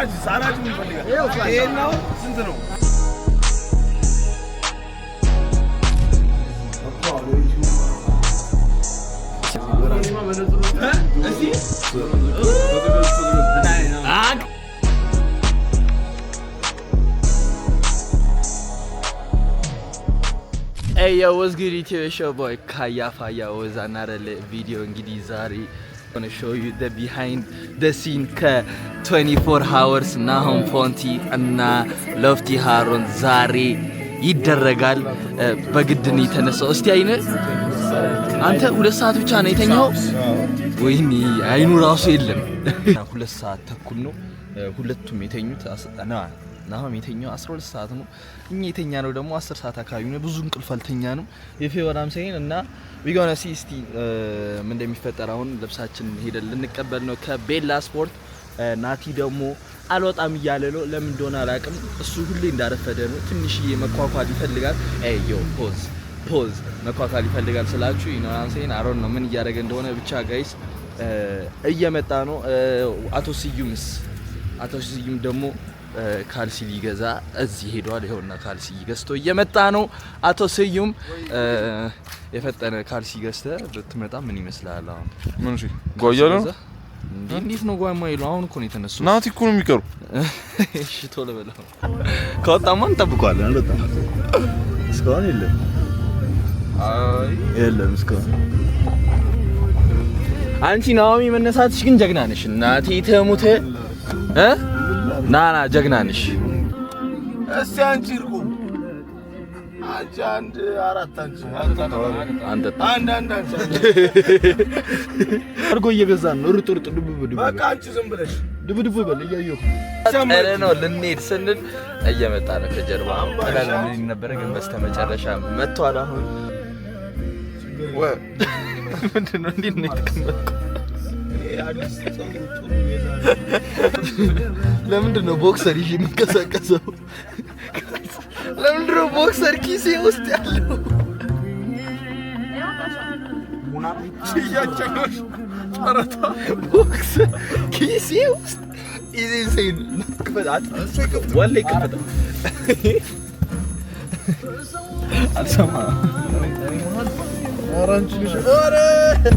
સારા સારા જ પટેલ એ નામ સિંધનો Hey yo, what's good? It's your boy Kaya Faya. Was another video in Gidizari. going show you the behind the scene ከ24 hours ናሆም ፎንቲ እና ሎፍቲ ሃሮን ዛሬ ይደረጋል። በግድን የተነሳው እስቲ አይነ አንተ ሁለት ሰዓት ብቻ ነው የተኛው? ወይኔ አይኑ ራሱ የለም። ሁለት ሰዓት ተኩል ነው ሁለቱም የተኙት። እና አሁን የተኛው 12 ሰዓት ነው። እኛ የተኛ ነው ደግሞ 10 ሰዓት አካባቢ ነው። ብዙ እንቅልፍ አልተኛ ነው የፌቨራም ሳይን እና ዊ ዊጋና ሲስቲ ምን እንደሚፈጠር አሁን ልብሳችን ሄደን ልንቀበል ነው ከቤላ ስፖርት። ናቲ ደግሞ አልወጣም እያለ ነው። ለምን እንደሆነ አላውቅም። እሱ ሁሌ እንዳረፈደ ነው። ትንሽዬ መኳኳል ይፈልጋል። አይዮ ፖዝ ፖዝ መኳኳል ይፈልጋል ስላችሁ ዩናሴን አሮን ነው ምን እያደረገ እንደሆነ ብቻ ጋይስ እየመጣ ነው። አቶ ስዩምስ አቶ ስዩም ደግሞ ካልሲ ሊገዛ እዚህ ሄዷል። ይኸውና ካልሲ ገዝቶ እየመጣ ነው። አቶ ስዩም የፈጠነ ካልሲ ገዝተ ብትመጣ ምን ይመስላል? አሁን ምን እሺ ጓያለ ነው እንዴት ነው ጓማ ይሉ አሁን እኮ ነው የተነሱ። ናት እኮ ነው የሚቀሩ። እሺ ቶሎ በለው ከወጣማ እንጠብቀዋለን። አልወጣም እስካሁን የለም፣ የለም እስካሁን አንቺ ናኦሚ መነሳትሽ ግን ጀግና ነሽ። ናቲ ተሙተ እ ናና ና ጀግና ነሽ። እስቲ አንቺ እርቁ አንቺ አንድ አራት እርጎ እየገዛን ነው። ሩጥ ሩጥ ድቡ ድቡ በቃ አንቺ ዝም ብለሽ ድቡ ድቡ በል እያየሁ ነው። ልንሄድ ስንል እየመጣ ነው ከጀርባ ነበረ፣ ግን በስተመጨረሻ መጥቷል። አሁን ምንድን ነው እንዴት ነው የተቀመጥኩት? ለምንድን ነው ቦክሰር ይዤ የምንቀሳቀሰው? ለምንድን ነው ቦክሰር ኪሴ ውስጥ ያለው? ቦክሰር ኪሴ ውስጥ ይከፈታል።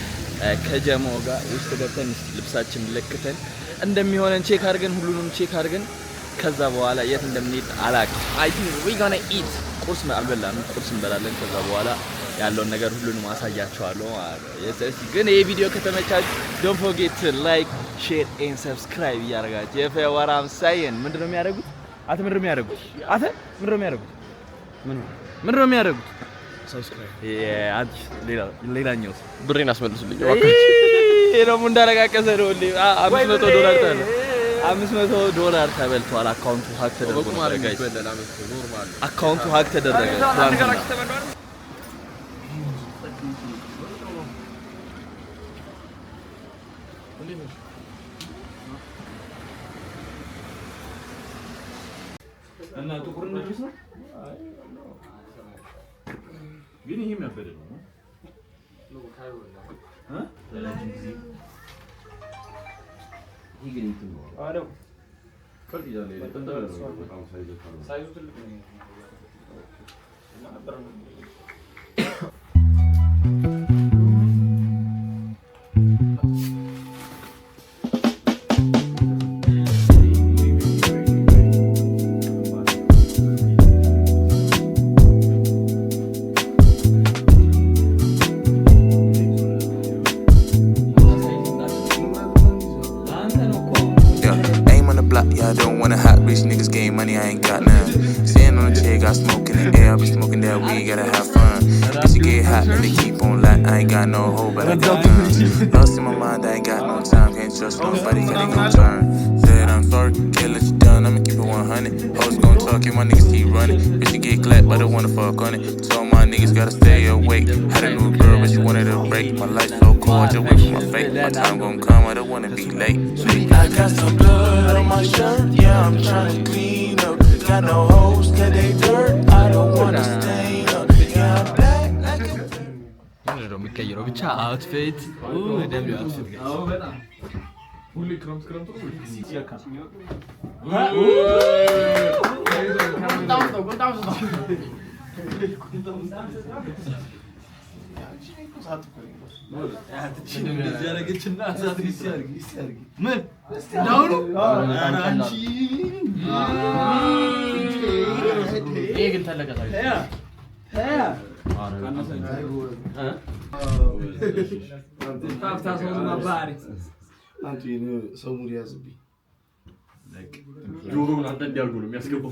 ከጀማው ጋር ውስጥ ገብተን ልብሳችን ለክተን እንደሚሆነን ቼክ አድርገን ሁሉንም ቼክ አድርገን ከዛ በኋላ የት እንደምንሄድ አላውቅም። አይ ቲንክ ዊ ጋና ኢት ቁርስ አልበላም። ቁርስ እንበላለን። ከዛ በኋላ ያለውን ነገር ሁሉንም አሳያቸዋለሁ። ግን ይህ ቪዲዮ ከተመቻችሁ ዶን ፎርጌት ላይክ፣ ሼር ኤን ሰብስክራይብ እያደረጋችሁ የፌወር አምሳይን ምንድነው የሚያደርጉት? አተ ምንድነው የሚያደርጉት? አተ ምንድነው የሚያደርጉት? ምንድነው የሚያደርጉት? ሌላኛው ብሬን አስመልሱልኝ ደግሞ እንዳረጋቀሰ ነው። አምስት መቶ ዶላር አምስት መቶ ዶላር ተበልቷል። አካውንቱ ሀክ ተደረገ። አካውንቱ ሀክ ተደረገ። እና ጥቁር ነው Vini hime aferin onu. Yok kayboldu. Ha? 이게 있던 거. 아, 네. 그렇게 전에 어떤 데를 가고 사이즈 타는. 사이즈 들리는 거. 나 따라. awake. Had a new girl, but she wanted break. My life so cold, just wait for my fate. My time gon' come, I don't wanna be late. I got some blood on my shirt, yeah, I'm tryna clean up. Got no hoes, that they dirt, I don't wanna stain up. Yeah, I'm black like a. 오늘은 Oh, 여러분차 아웃핏 오 데뷔 아웃핏 Fully krams krams krams. Gå down, gå down. ሰሙን ያዝብኝ ጆሮ አንተ እንዲያርጉ ነው የሚያስገባው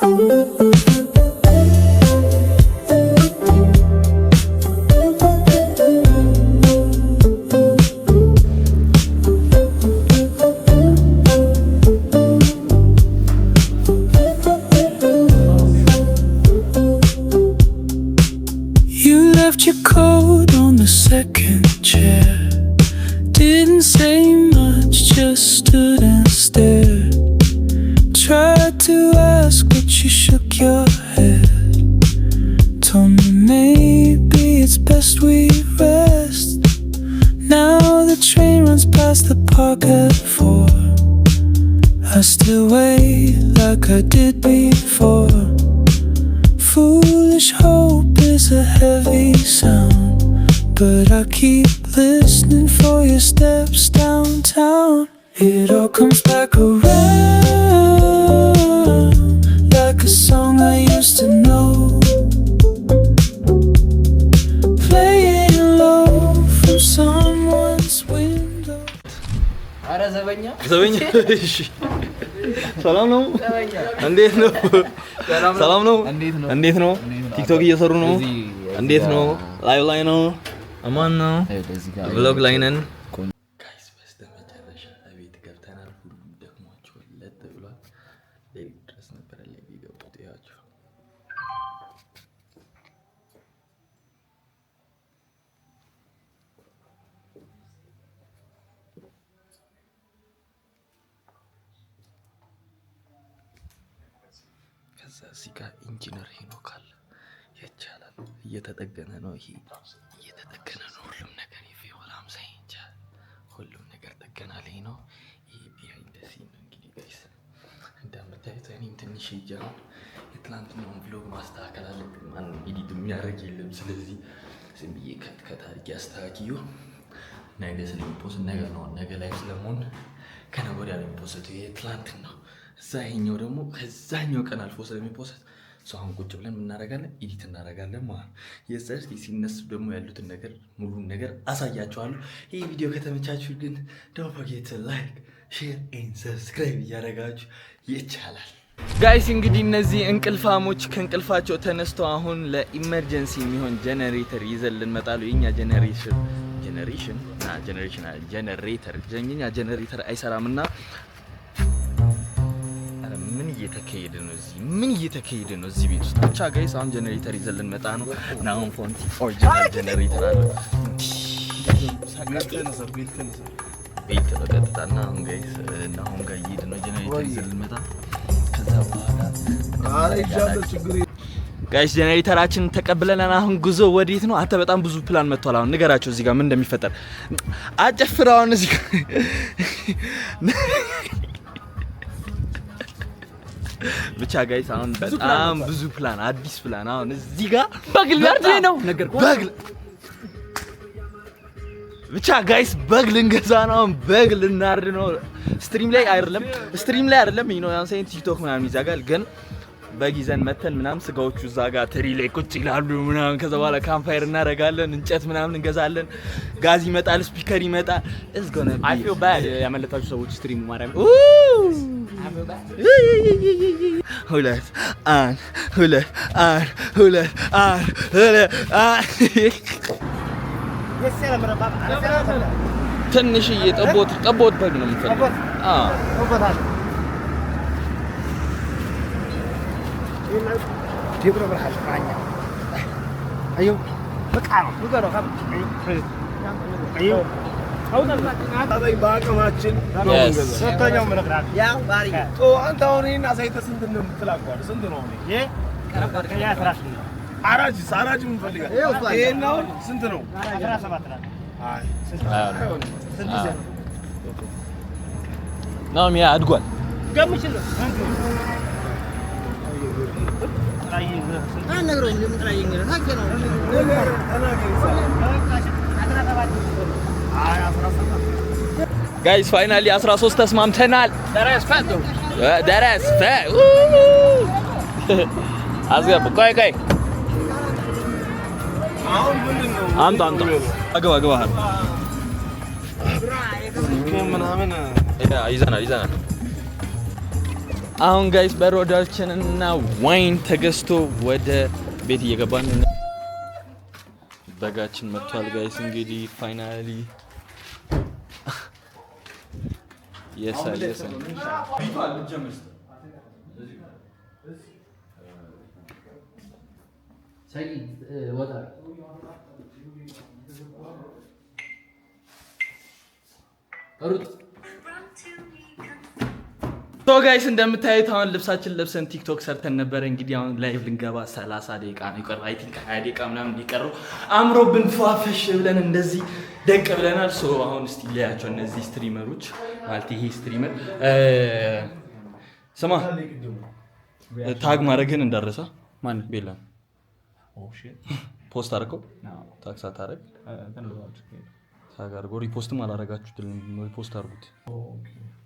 You left your coat on the second chair. Didn't say much, just stood and stared. Tried to ask, but you shook your head. Told me maybe it's best we rest. Now the train runs past the park at four. I still wait like I did before. Foolish hope is a heavy sound, but I keep listening for your steps downtown. It all comes back around. ዘበኛ እሺ፣ ሰላም ነው። እንዴት ነው? ሰላም ነው። እንዴት ነው? ቲክቶክ እየሰሩ ነው። እንዴት ነው? ላይቭ ላይ ነው። አማን ነው። ብሎግ ላይ ነን። ከዛ እዚህ ጋር ኢንጂነር ሄኖክ አለ። ይቻላል እየተጠገነ ነው። ይሄ እየተጠገነ ነው። ሁሉም ነገር የፊዮል አምሳ ኢንች ሁሉም ነገር ጠገና ላይ ነው። ይህ ቢሃይንድ ሲን ነው እንግዲህ ጋይስ እንደምታዩት እኔም ትንሽ ሄጃለሁ። የትላንትናውን ብሎግ ማስተካከል አለብኝ። ማንም ኤዲት የሚያደርግ የለም። ስለዚህ ዝም ብዬ ከት ከታሪክ አስተካክዩ ነገ ስለሚፖስት ነገ ነው ነገ ላይ ስለመሆን ከነገ ወዲያ ላይ የሚፖስት ነው እዛ ይሄኛው ደግሞ ከዛኛው ቀን አልፎ ስለሚፖሰት ሰው አሁን ቁጭ ብለን የምናደርጋለን ኢዲት እናደርጋለን ማለት ነው። የዛ ሲነሱ ደግሞ ያሉትን ነገር ሙሉን ነገር አሳያችኋለሁ። ይህ ቪዲዮ ከተመቻችሁ ግን ዶንት ፎርጌት ላይክ፣ ሼር ኤንድ ሰብስክራይብ እያደረጋችሁ ይቻላል ጋይስ እንግዲህ እነዚህ እንቅልፋሞች ከእንቅልፋቸው ተነስተው አሁን ለኢመርጀንሲ የሚሆን ጀነሬተር ይዘን ልንመጣሉ። የኛ ጀነሬሽን ጀነሬሽን ጀነሬተር ጀኛ ጀነሬተር አይሰራም እና ምን እየተካሄደ ነው? እዚህ ምን እየተካሄደ ነው? እዚህ ቤት ውስጥ ብቻ ጋይስ፣ አሁን ጀኔሬተር ይዘን ልንመጣ ነው። ናሁን ፎንቲ ኦሪጂናል ጀኔሬተር አለ። ቤት በቀጥታ እና አሁን ጋይስ፣ ናሁን ጋር እየሄድን ነው። ጀኔሬተር ይዘን ልንመጣ ከዛ በኋላ ጋይስ ጀኔሬተራችንን ተቀብለናል። አሁን ጉዞ ወዴት ነው? አንተ በጣም ብዙ ፕላን መጥቷል። አሁን ንገራቸው እዚህ ጋር ምን እንደሚፈጠር አጨፍር። አሁን እዚህ ጋር ብቻ ጋይስ አሁን በጣም ብዙ ፕላን አዲስ ፕላን አሁን እዚህ ጋር በግል ያርድ ነው ነገር በግል ብቻ ጋይስ በግል እንገዛ ነው። አሁን በግል እናርድ ነው። ስትሪም ላይ አይደለም፣ ስትሪም ላይ አይደለም። ይኖ ነው ያንሳይን ቲክቶክ ምናምን ይዛጋል ግን በግ መተን ምናምን ስጋዎቹ እዛ ጋር ትሪ ላይ ቁጭ ይላሉ ምናምን። ከዛ በኋላ ካምፓየር እናደርጋለን፣ እንጨት ምናምን እንገዛለን፣ ጋዝ ይመጣል፣ ስፒከር ይመጣል። ያመለጣችሁ ሰዎች ስትሪሙ ማርያም ሁለት አንድ ሁለት አንድ ሁለት አንድ ሁለት ትንሽዬ ጠቦት ጠቦት በግ ነው የምትለው ቴብሮ ብርሃን ዝበሃል እዩ በቃ ነው ንገሮ ካብ እዩ በአቅማችን ሰተኛው ምንቅራት አንተ አሁን ይህን አሳይተህ ስንት እንደምትላቋል ስንት ነው አራሽ አራጅስ አራጅ ምን ፈልጋል ይህን አሁን ስንት ነው አስራ ሰባት ናም ያ አድጓል ገምችል ጋይስ ፋይናሊ 13 ተስማምተናል። ደረስ አስገቡ። ቆይ ቆይ አግባ ይዘናል ይዘናል አሁን ጋይስ በሮዳችን እና ዋይን ተገዝቶ ወደ ቤት እየገባን ነው። በጋችን መጥቷል። ጋይስ እንግዲህ ፋይናሊ የሳል የሳል ሩጥ ሶ ጋይስ እንደምታዩት አሁን ልብሳችን ለብሰን ቲክቶክ ሰርተን ነበረ። እንግዲህ አሁን ላይቭ ልንገባ 30 ደቂቃ ነው የቀረው፣ አይ ቲንክ 20 ደቂቃ ምናምን አምሮ ብን ፏፈሽ ብለን እንደዚህ ደቅ ብለናል። ሶ አሁን እስቲ ለያቸው እነዚህ ስትሪመሮች ማለት ይሄ ስትሪመር ስማ፣ ታግ ማድረግህን እንዳረሳ ማን ቤላ oh, ፖስት አድርገው ታክስ አታረግ ታግ አድርገው ሪፖስትም አላረጋችሁ ሪፖስት አድርጉት oh,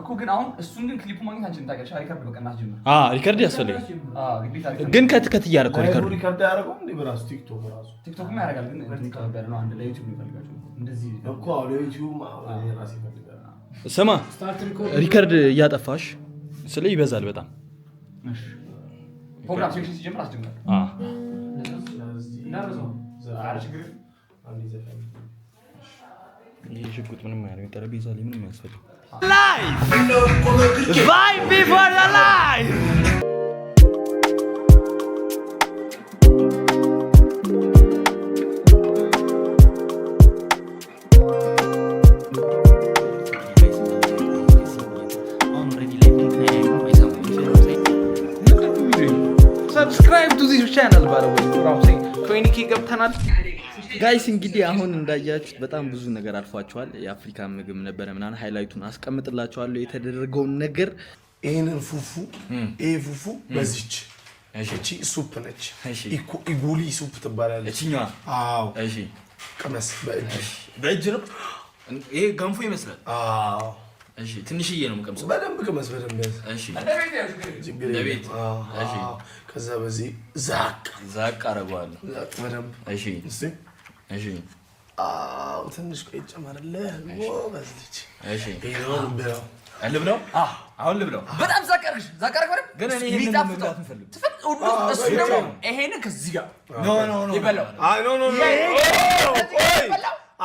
እኮ ግን አሁን እሱን ግን ክሊፑ ማግኘት አንችልም። ታውቂያለሽ፣ ሪከርድ በቃ እናስጀምር። አዎ ሪከርድ ያስፈልጋል፣ ግን ከት ከት እያደረገው ሪከርድ ሪከርድ እንዴ? በራሱ ቲክቶክ ያደርጋል? ግን ቲክቶክ ነው አንድ ለዩቲዩብ ይፈልጋል። እንደዚህ እኮ ለዩቲዩብ ራሱ ይፈልጋል። ስማ ሪከርድ እያጠፋሽ ስለ ይበዛል በጣም ፕሮግራም ሴክሽን ሲጀምር አስጀምር። አዎ Yeşil kutumun mermi tara bir salim mi mesaj? Life! Vibe before the life! Subscribe to this channel by the way, you know what I'm saying? 20k up channel. ጋይስ እንግዲህ አሁን እንዳያችሁት በጣም ብዙ ነገር አልፏቸዋል። የአፍሪካ ምግብ ነበረ ምናምን፣ ሃይላይቱን አስቀምጥላቸዋለሁ የተደረገውን ነገር። ይህንን ፉፉ ይህ ፉፉ በዚች እቺ ሱፕ ነች፣ ኢጉሊ ሱፕ ትባላለች። አዎ ቅመስ በእጅ በእጅ ነው። ይሄ ገንፎ ይመስላል። አዎ እሺ፣ ትንሽዬ ነው የምቀምሰው። በደንብ ቅመስ፣ በደንብ እሺ። ከዛ በዚህ ዛቅ ዛቅ አደርገዋለሁ። እሺ ትንሽ ቆይ ጨመርልህ። ልብለው አሁን ልብለው። በጣም ዛቀርሽ ግን እኔ ይሄን ሁሉ እሱ ደግሞ ከዚህ ጋር ኖ ኖ ኖ አይ ኖ ኖ ኖ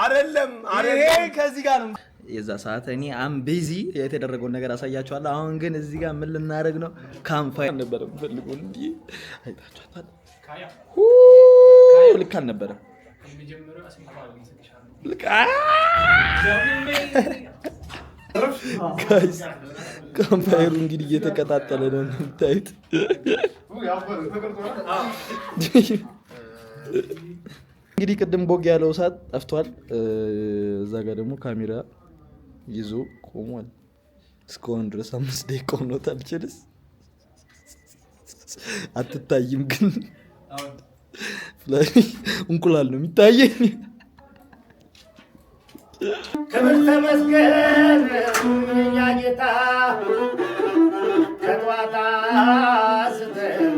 አይደለም አይደለም፣ ከዚህ ጋር ነው። የዛ ሰዓት እኔ አም ቢዚ የተደረገውን ነገር አሳያችኋለሁ። አሁን ግን እዚህ ጋር ምን ልናደርግ ነው? ካምፋይ አይታችኋታል። ልክ አልነበረም ካምፓየሩ እንግዲህ እየተቀጣጠለ ነው የምታዩት እንግዲህ ቅድም ቦግ ያለው እሳት ጠፍቷል። እዛ ጋር ደግሞ ካሜራ ይዞ ቆሟል። እስከሆን ድረስ አምስት ደቂቃ ሆኖታል። ችልስ አትታይም ግን እንቁላል ነው የሚታየኝ። ክብር ተመስገን እኛ ጌታ ከጠዋት ስተን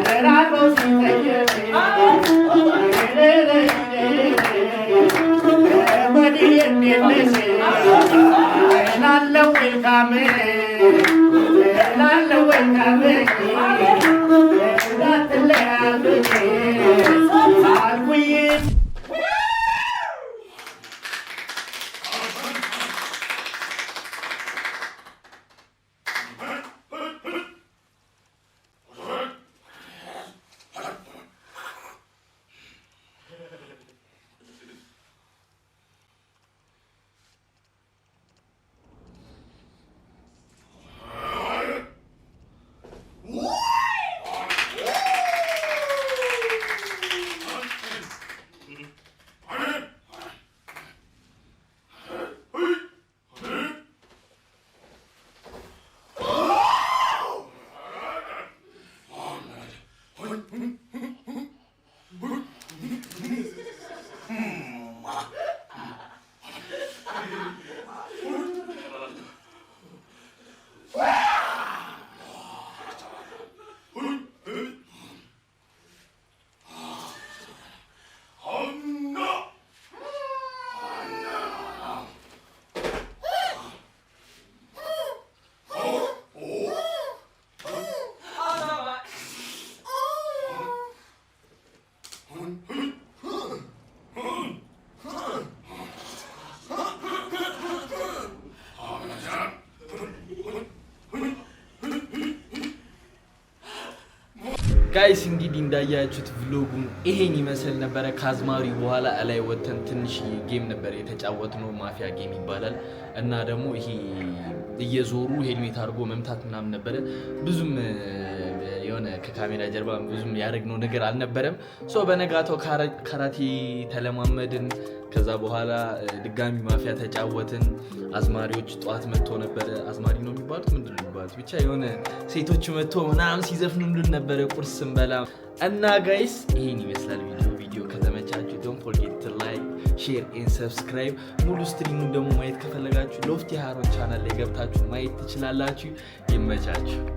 Gracias. ጋይስ እንግዲህ እንዳያችሁት ቭሎጉን ይሄን ይመስል ነበረ። ከአዝማሪ በኋላ ላይ ወተን ትንሽ ጌም ነበር የተጫወት ነው፣ ማፊያ ጌም ይባላል እና ደግሞ ይሄ እየዞሩ ሄልሜት አድርጎ መምታት ምናምን ነበረ ብዙም የሆነ ከካሜራ ጀርባ ብዙም ያደረግነው ነገር አልነበረም። በነጋተው ካራቲ ተለማመድን። ከዛ በኋላ ድጋሚ ማፊያ ተጫወትን። አዝማሪዎች ጠዋት መጥቶ ነበረ። አዝማሪ ነው የሚባሉት ምንድን ነው የሚባሉት? ብቻ የሆነ ሴቶች መጥቶ ምናምን ሲዘፍኑልን ነበረ ቁርስ ስንበላ እና ጋይስ ይሄን ይመስላል ቪዲዮ። ቪዲዮ ከተመቻችሁ ዶን ፎርጌት ላይክ፣ ሼር ኤን ሰብስክራይብ። ሙሉ ስትሪሙን ደግሞ ማየት ከፈለጋችሁ ሎፍቲ ሃሮን ቻናል ላይ ገብታችሁ ማየት ትችላላችሁ። ይመቻችሁ።